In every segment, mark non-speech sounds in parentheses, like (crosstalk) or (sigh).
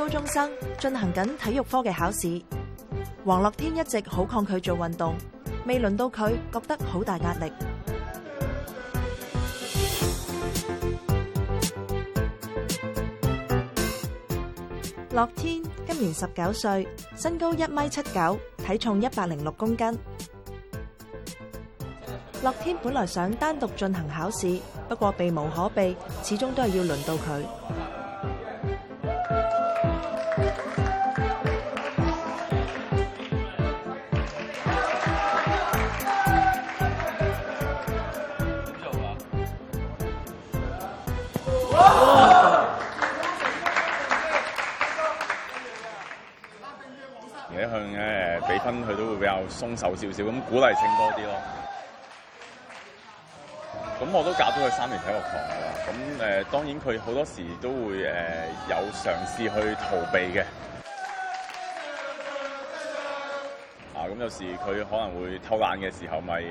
高中生進行緊體育科嘅考試，王樂天一直好抗拒做運動，未輪到佢覺得好大壓力。樂天今年十九歲，身高一米七九，體重一百零六公斤。樂天本來想單獨進行考試，不過避無可避，始終都係要輪到佢。向嘅比分，佢都會比較鬆手少少，咁鼓勵性多啲咯。咁 (noise) 我都教咗佢三年體育堂啦。咁誒、呃，當然佢好多時都會誒、呃、有嘗試去逃避嘅。 (noise) 啊，咁有時佢可能會偷懶嘅時候，咪誒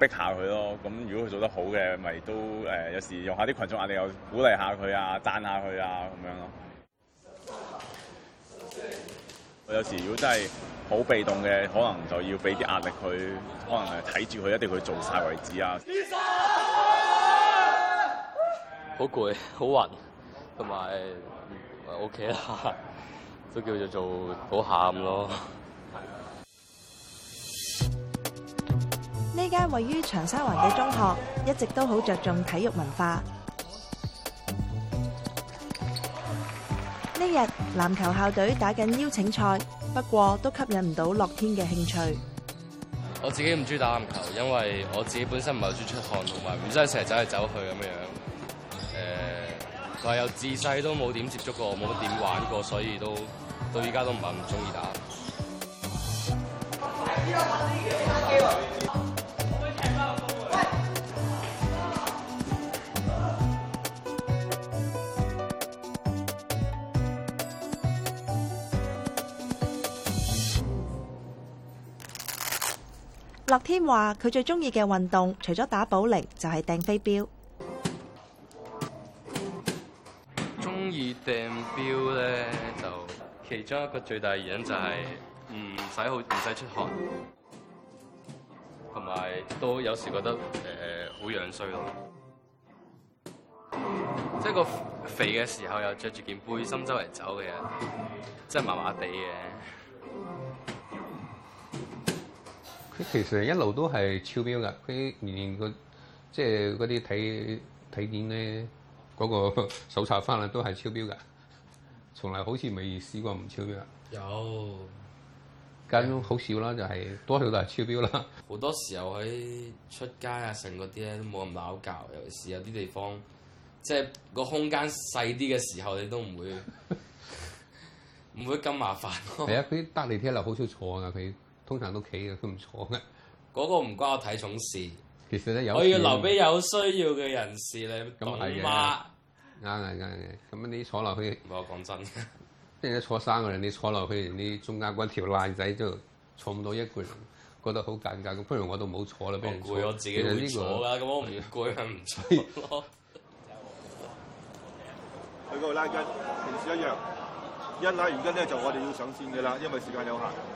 逼下佢咯。咁如果佢做得好嘅，咪都誒、呃、有時用下啲群眾壓力，又鼓勵下佢啊，讚下佢啊，咁樣咯。我有時如果真係好被動嘅，可能就要俾啲壓力佢，可能係睇住佢，一定去做晒為止啊！好攰，好暈，同埋 OK 啦，都叫做做好喊咯。呢間位於長沙灣嘅中學一直都好着重體育文化。一日籃球校隊打緊邀請賽，不過都吸引唔到樂天嘅興趣。我自己唔中意打籃球，因為我自己本身唔係好中意出汗，同埋唔使成日走嚟走去咁樣樣。誒、呃，同埋又自細都冇點接觸過，冇點玩過，所以都到而家都唔係咁中意打。嗯樂天話佢最中意嘅運動，除咗打保齡，就係掟飛鏢。中意掟鏢咧，就其中一個最大原因就係唔使好唔使出汗，同埋都有時覺得誒好樣衰咯。即係個肥嘅時候又着住件背心周圍走嘅，即係麻麻地嘅。其實一路都係超標噶，佢年年個即係嗰啲體體檢咧，嗰個手冊翻啦都係超標噶，從來好似未試過唔超標的。有，間屋好少啦、就係，就、嗯、係多數都係超標啦。好多時候喺出街啊、成嗰啲咧都冇咁鬧交，尤其是有啲地方，即係個空間細啲嘅時候，你都唔會唔 (laughs) 會咁麻煩。係啊，佢、嗯嗯、 (laughs) 得地鐵又好少坐噶佢。通常都企嘅，佢唔坐嘅。嗰、嗰個唔關我體重事。其實咧，有我要留俾有需要嘅人士咁係嘛？啱嘅，啱嘅。咁你坐落去，唔好講真。一人坐三個人，你坐落去，你中間嗰條爛仔都坐唔到一個人。覺得好尷尬，不如我唔好坐啦，俾人坐。坐其實坐、這個，咁我唔攰係唔坐咯。 (laughs) 去嗰度拉筋，平時一樣。一拉完筋咧，就我哋要上線嘅啦，因為時間有限。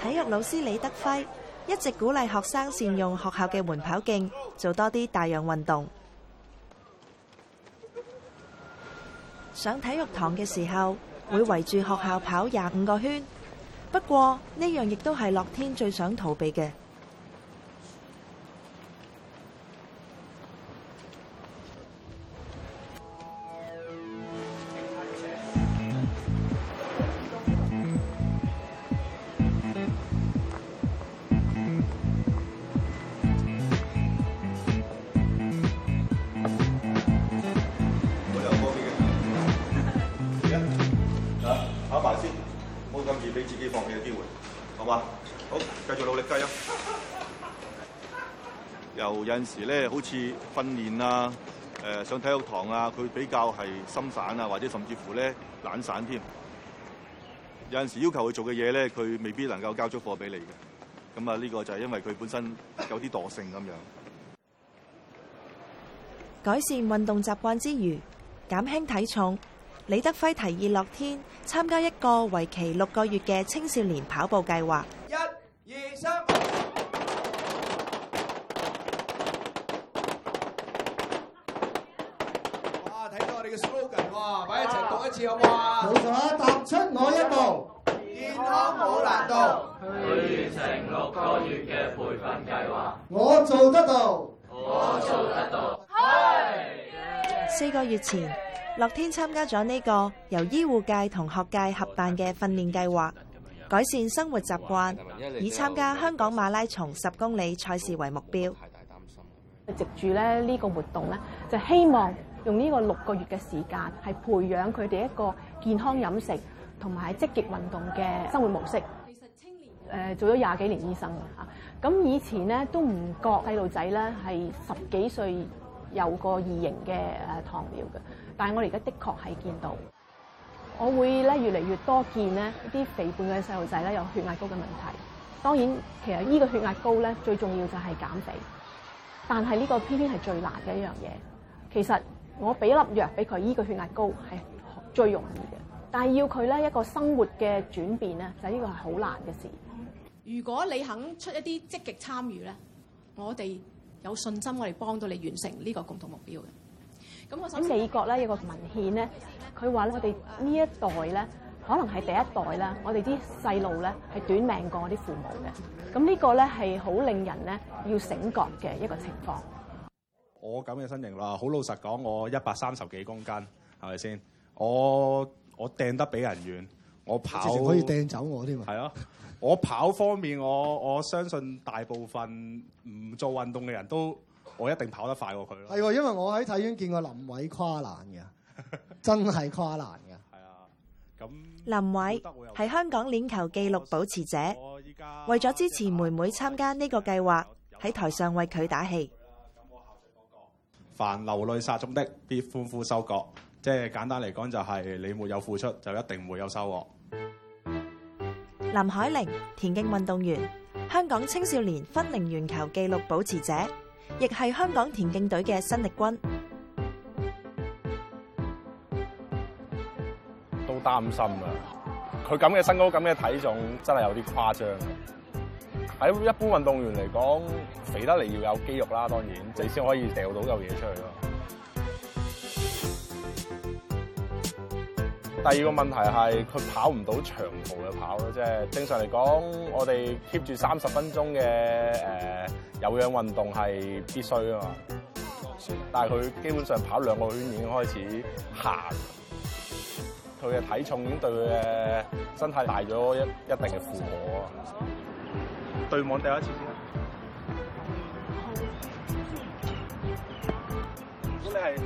體育老師李德輝一直鼓勵學生善用學校嘅緩跑徑，做多啲帶氧運動。上體育堂嘅時候，會圍住學校跑廿五個圈。不過呢樣亦都係樂天最想逃避嘅。好，繼續努力加油！又有陣時咧，好似訓練啊、誒、呃、上體育堂啊，佢比較係心散啊，或者甚至乎咧懶散添。有陣時要求佢做嘅嘢咧，佢未必能夠交出貨俾你嘅。咁啊，呢個就係因為佢本身有啲惰性。咁樣改善運動習慣之餘，減輕體重。李德輝提議樂天參加一個為期六個月嘅青少年跑步計劃。二三哇，睇到我哋嘅 slogan 哇，揾一齊講一次好唔好啊？冇錯，踏出我一步，健康冇難度。去完成六個月嘅培訓計劃，我做得到，我做得到。啊 hey. 四個月前，樂天參加咗呢個由醫護界同學界合辦嘅訓練計劃。改善生活習慣，以參加香港馬拉松十公里賽事為目標。太擔心，藉住咧呢個活動咧，就希望用呢個六個月嘅時間，係培養佢哋一個健康飲食同埋積極運動嘅生活模式。其實青年，誒做咗廿幾年醫生啊，咁以前咧都唔覺細路仔咧係十幾歲有個二型嘅誒糖尿嘅，但係我哋而家的確係見到。我會咧越嚟越多見咧啲肥胖嘅細路仔咧有血壓高嘅問題。當然，其實呢個血壓高咧最重要就係減肥，但係呢個偏偏係最難嘅一樣嘢。其實我俾粒藥俾佢，呢個血壓高係最容易嘅，但係要佢咧一個生活嘅轉變咧，就係呢個係好難嘅事。如果你肯出一啲積極參與咧，我哋有信心我哋幫到你完成呢個共同目標嘅。咁美國咧有個文獻咧，佢話咧我哋呢一代咧，可能係第一代啦，我哋啲細路咧係短命過我啲父母嘅，咁、這、呢個咧係好令人咧要醒覺嘅一個情況。我咁嘅身形啦，好老實講，我一百三十幾公斤，係咪先？我我掟得比人遠，我跑可以掟走我添啊！係啊，我跑方面，我我相信大部分唔做運動嘅人都。我一定跑得快過佢咯。係，因為我喺體院見過林偉跨欄嘅， (laughs) 真係跨欄嘅。係啊，咁林偉係香港鏈球記錄保持者。我依家為咗支持妹妹參加呢個計劃，喺台上為佢打氣。咁我下次講講，凡流淚撒種的，必歡呼收割。即係簡單嚟講，就係你沒有付出，就一定唔會有收穫。林凱翎，田徑運動員，香港青少年分齡鉛球記錄保持者。亦係香港田徑隊嘅新力軍，都擔心啊！佢咁嘅身高、咁嘅體重，真係有啲誇張嘅。喺一般運動員嚟講，肥得嚟要有肌肉啦，當然你先可以掉到嚿嘢出去啊。第二個問題係佢跑唔到長途嘅跑咯，即係正常嚟講，我哋 keep 住三十分鐘嘅誒有氧運動係必須㗎嘛。但係佢基本上跑兩個圈已經開始行，佢嘅體重已經對佢嘅身體大咗一一定嘅負荷。對網第一次先啊！如果你係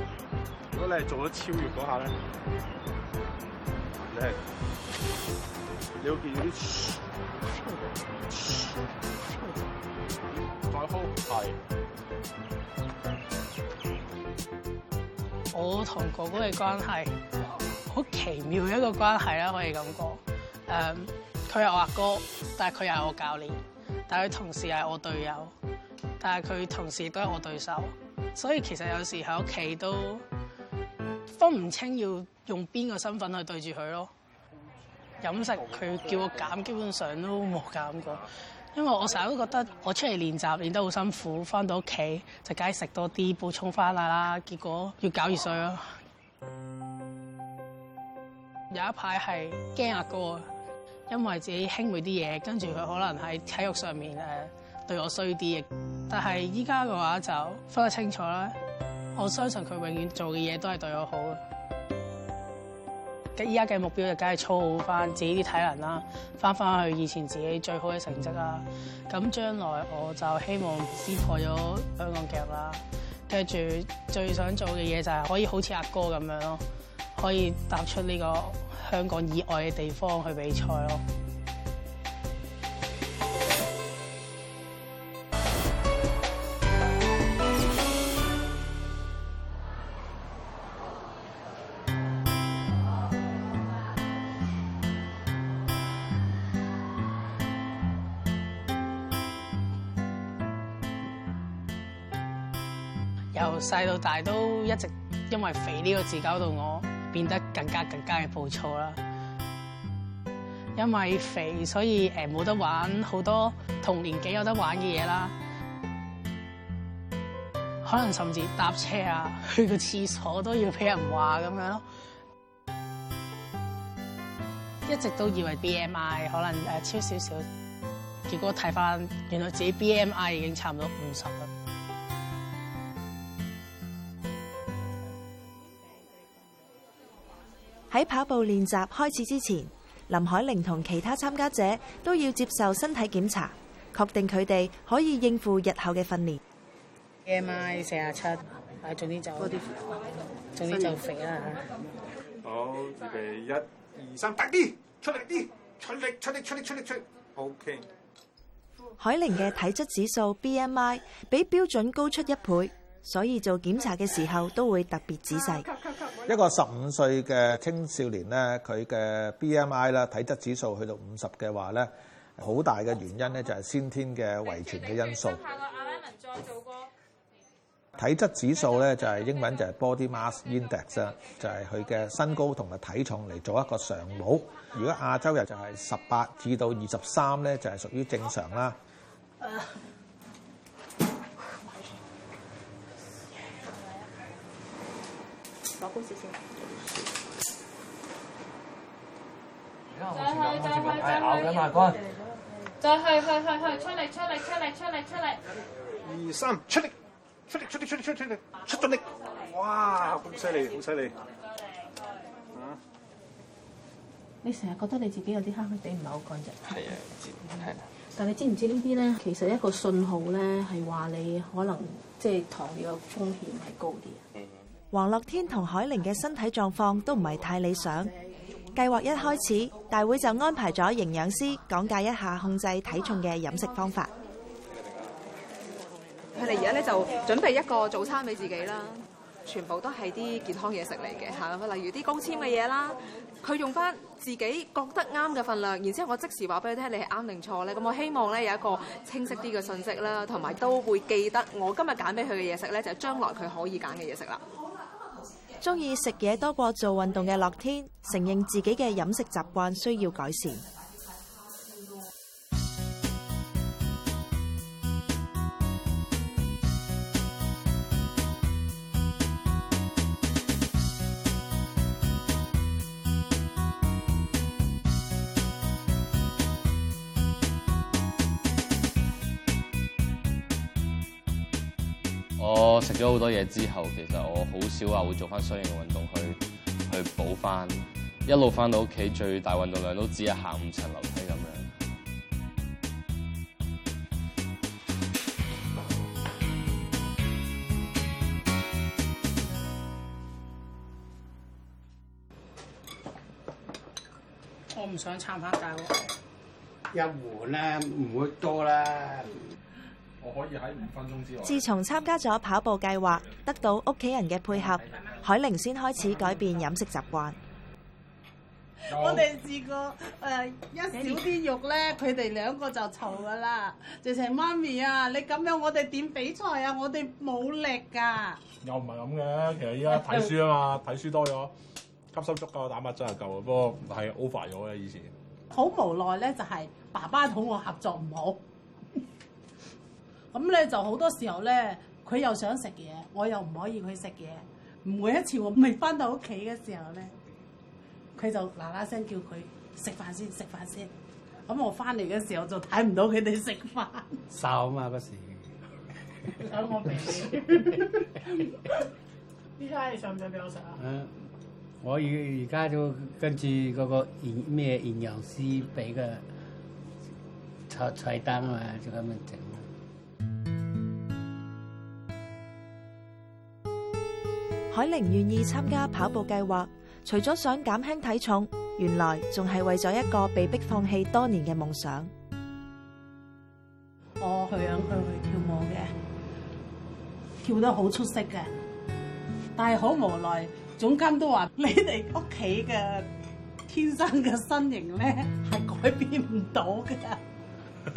如果你係做咗超越嗰下咧？要見啲，再開提。我同哥哥嘅關係，好奇妙嘅一個關係啦，可以咁講。誒，佢係我阿哥、哥，但係佢又係我教練，但佢同時係我隊友，但係佢同時都係我對手，所以其實有時喺屋企都。分唔清要用邊個身份去對住佢咯。飲食佢叫我減，基本上都冇減過，因為我成日都覺得我出嚟練習練得好辛苦，翻到屋企就梗係食多啲補充翻啦。結果越搞越衰咯。有一排係驚阿哥，因為自己輕每啲嘢，跟住佢可能喺體育上面誒對我衰啲。但係依家嘅話就分得清楚啦。我相信佢永遠做嘅嘢都係對我好嘅。依家嘅目標就梗係操好返自己啲體能啦，返返去以前自己最好嘅成績啦。咁將來我就希望撕破咗香港夾啦，跟住最想做嘅嘢就係可以好似阿哥咁樣咯，可以踏出呢個香港以外嘅地方去比賽咯。細到大都一直因為肥呢個字搞到我變得更加更加嘅暴躁啦，因為肥所以誒冇得玩好多同年紀有得玩嘅嘢啦，可能甚至搭車啊去個廁所都要俾人話咁樣咯，一直都以為 BMI 可能誒超少少，結果睇返原來自己 BMI 已經差唔多五十啦。喺跑步練習開始之前，林凱翎同其他參加者都要接受身體檢查，確定佢哋可以應付日後嘅訓練。B M I 四十七，快做啲走，多啲，做啲走肥啦吓。好預備，一、二、三，大啲，出力啲，出力，出力，出力，出力，出力。O K。凱翎嘅體質指數 B M I 比標準高出一倍。所以做檢查嘅時候都會特別仔細。一個十五歲嘅青少年咧，佢嘅 BMI 啦體質指數去到五十嘅話咧，好大嘅原因咧就係先天嘅遺傳嘅因素。體質指數咧就係英文就係 Body Mass Index，就係佢嘅身高同埋體重嚟做一個常模。如果亞洲人就係十八至到二十三咧，就係屬於正常啦。好高再去再去再去，再去去出嚟，出嚟，出嚟，出嚟。出力。二三，出力出力出力出力出力，出盡力！哇，好犀利，好犀利。你成日覺得你自己有啲黑黑地唔係好乾淨。係啊，係啦。但你知唔知呢啲咧？其實一個信號咧，係話你可能即係糖尿風險係高啲。嗯。王樂天同凱翎嘅身體狀況都唔係太理想。計劃一開始，大會就安排咗營養師講解一下控制體重嘅飲食方法。佢哋而家咧就準備一個早餐俾自己啦，全部都係啲健康嘢食嚟嘅吓。例如啲高纖嘅嘢啦，佢用翻自己覺得啱嘅份量，然之後我即時話俾佢聽你係啱定錯咧。咁我希望咧有一個清晰啲嘅信息啦，同埋都會記得我今日揀俾佢嘅嘢食咧，就係將來佢可以揀嘅嘢食啦。中意食嘢多過做運動嘅樂天，承認自己嘅飲食習慣需要改善。咗好多嘢之後，其實我好少話，會做翻相應嘅運動去去補翻。一路翻到屋企，最大運動量都只係行五層樓梯咁樣。我唔想撐翻大鍋，一碗啦，唔會多啦。我可以喺五分鐘之自從參加咗跑步計劃，得到屋企人嘅配合，嗯嗯嗯嗯、凱翎先開始改變飲食習慣。我哋試過誒、呃，一少啲肉咧，佢哋兩個就嘈噶啦。直情媽咪啊，你咁樣我哋點比賽啊？我哋冇力噶、啊。又唔係咁嘅，其實依家睇書啊嘛，睇書多咗，吸收足夠嘅蛋白質係夠嘅，不過係 over 咗嘅以前了了。好無奈咧，就係爸爸同我合作唔好。咁咧就好多時候咧，佢又想食嘢，我又唔可以去食嘢。每一次我未翻到屋企嘅時候咧，佢就嗱嗱聲叫佢食飯先，食飯先。咁我翻嚟嘅時候就睇唔到佢哋食飯。受啊嘛嗰時。等 (laughs) (laughs) (laughs) (laughs) (laughs) (laughs) (laughs) 我俾呢家你想唔想俾我食啊？嗯，我而而家就跟住嗰個營咩營養師俾個菜菜單啊嘛，就咁樣整。海玲願意參加跑步計劃，除咗想減輕體重，原來仲係為咗一個被迫放棄多年嘅夢想。我向佢去，去，去跳舞嘅，跳得好出色嘅，但係好無奈，總監都話：你哋屋企嘅天生嘅身形咧係改變唔到㗎。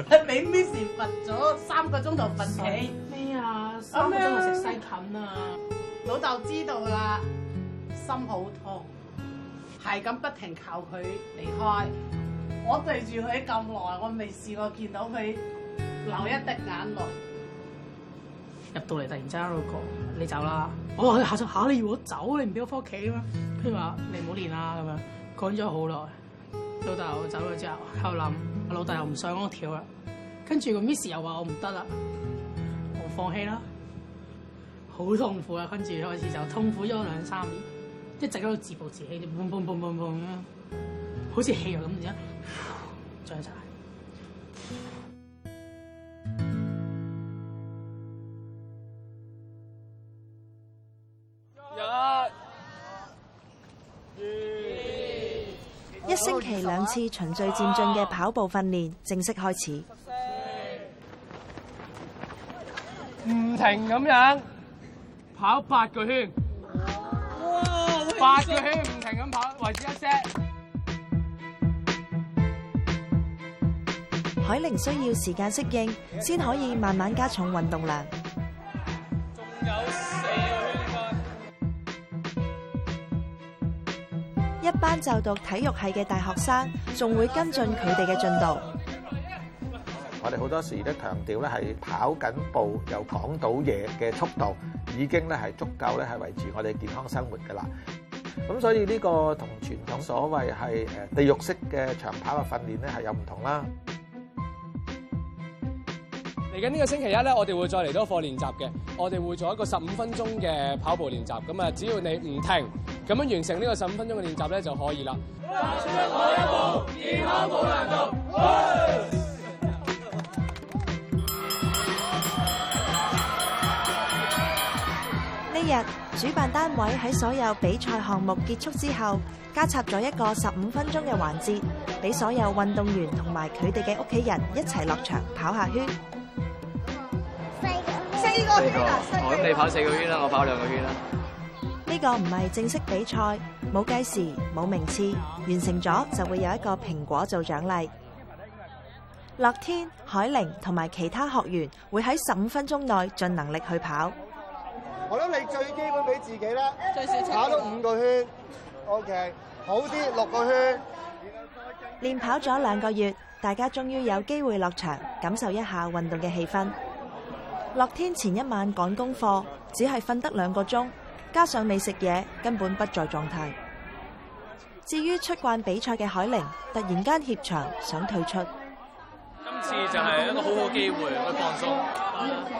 係俾 miss 罰咗三個鐘頭罰企咩啊？三個鐘頭食西芹啊？老豆知道啦，心好痛，係咁不停求佢離開。我對住佢咁耐，我未試過見到佢流一滴眼淚。入到嚟，突然之間我講：你走啦！我話佢：下咗下、啊，你，如果走你唔俾我翻屋企啊嘛。佢話：你唔好練啦咁樣。講咗好耐，老豆走咗之後喺度諗：我老豆又唔想我跳啦。跟住個 miss 又話我唔得啦，我放棄啦。好痛苦啊！跟住開始就痛苦咗兩三年，一直喺度自暴自棄，嘭嘭嘭嘭嘭咁，好似氣球咁樣。再查。了一、二。一星期兩次循序漸進嘅跑步訓練正式開始。唔停咁樣。跑八個圈，八個圈唔停咁跑，維持一 set。凱翎需要時間適應，先可以慢慢加重運動量。仲有四個圈。一班就讀體育系嘅大學生，仲會跟進佢哋嘅進度。我哋好多時都強調咧，係跑緊步又講到嘢嘅速度。已經咧係足夠咧係維持我哋健康生活嘅啦。咁所以呢個同傳統所謂係誒地獄式嘅長跑嘅訓練咧係有唔同啦。嚟緊呢個星期一咧，我哋會再嚟多課練習嘅。我哋會做一個十五分鐘嘅跑步練習。咁啊，只要你唔停，咁樣完成呢個十五分鐘嘅練習咧就可以啦。踏出我一步，健康冇難度。日主辦單位喺所有比賽項目結束之後，加插咗一個十五分鐘嘅環節，俾所有運動員同埋佢哋嘅屋企人一齊落場跑下圈。四個，四個四個四個我咁你跑四個圈啦，我跑兩個圈啦。呢、這個唔係正式比賽，冇計時，冇名次，完成咗就會有一個蘋果做獎勵。樂天、凱翎同埋其他學員會喺十五分鐘內盡能力去跑。我諗你最基本俾自己啦，最少跑到五個圈。OK，好啲六個圈。練跑咗兩個月，大家終於有機會落場，感受一下運動嘅氣氛。樂天前一晚趕功課，只係瞓得兩個鐘，加上未食嘢，根本不在狀態。至於出慣比賽嘅凱翎，突然間怯場，想退出。今次就係一個好好機會去放鬆。嗯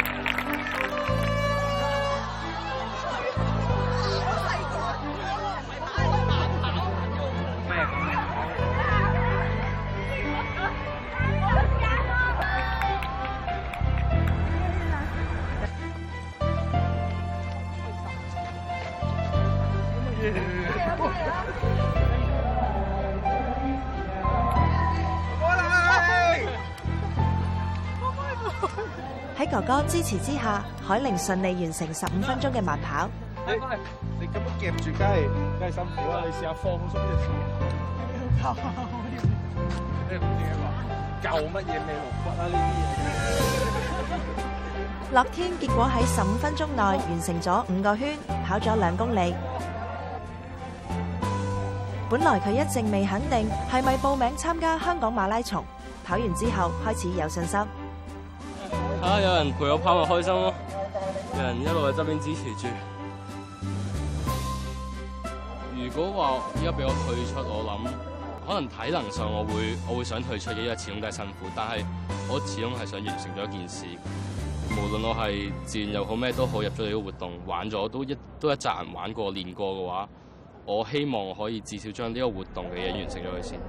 喺、yeah、哥哥支持之下，凱翎順利完成十五分鐘嘅慢跑。哎、你咁夾住係辛苦，你試下放鬆搞乜嘢 (laughs) 骨啊？呢啲嘢。 (laughs) 樂天結果喺十五分鐘內完成咗五個圈，跑咗兩公里。本來佢一直未肯定係咪報名參加香港馬拉松，跑完之後開始有信心。啊！有人陪我跑，我開心咯。有人一路喺側邊支持住。如果話依家俾我退出，我諗可能體能上我會我會想退出嘅，因為始終都係辛苦。但係我始終係想完成咗一件事。無論我係自願又好咩都好，入咗呢個活動玩咗都一都一紮人玩過練過嘅話。我希望我可以至少將呢個活動嘅嘢完成咗佢先。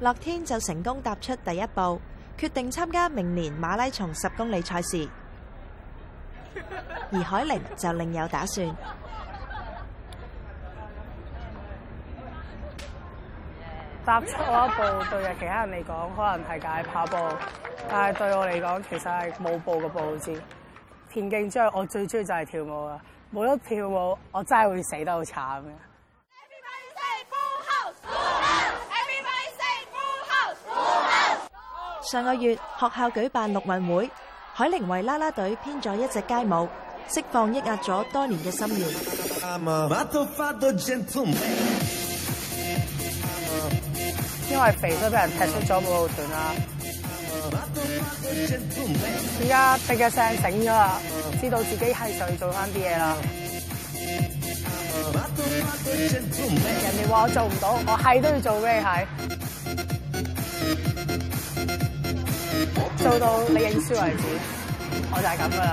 樂天就成功踏出第一步，決定參加明年馬拉松十公里賽事。而凱翎就另有打算。踏出一步對其他人嚟講可能係解跑步，但係對我嚟講其實係舞步嘅步驟。田徑之外，我最中意就係跳舞啊！冇得跳舞，我真係會死得好慘嘅。上個月學校舉辦陸運會，海玲為啦啦隊編咗一隻街舞，釋放抑壓咗多年嘅心願。因為肥都俾人踢出咗舞蹈團啦！而家俾嘅聲醒咗啦，知道自己係想做翻啲嘢啦。人哋話我做唔到，我係都要做俾你係，做到你認輸為止，我就係咁噶啦。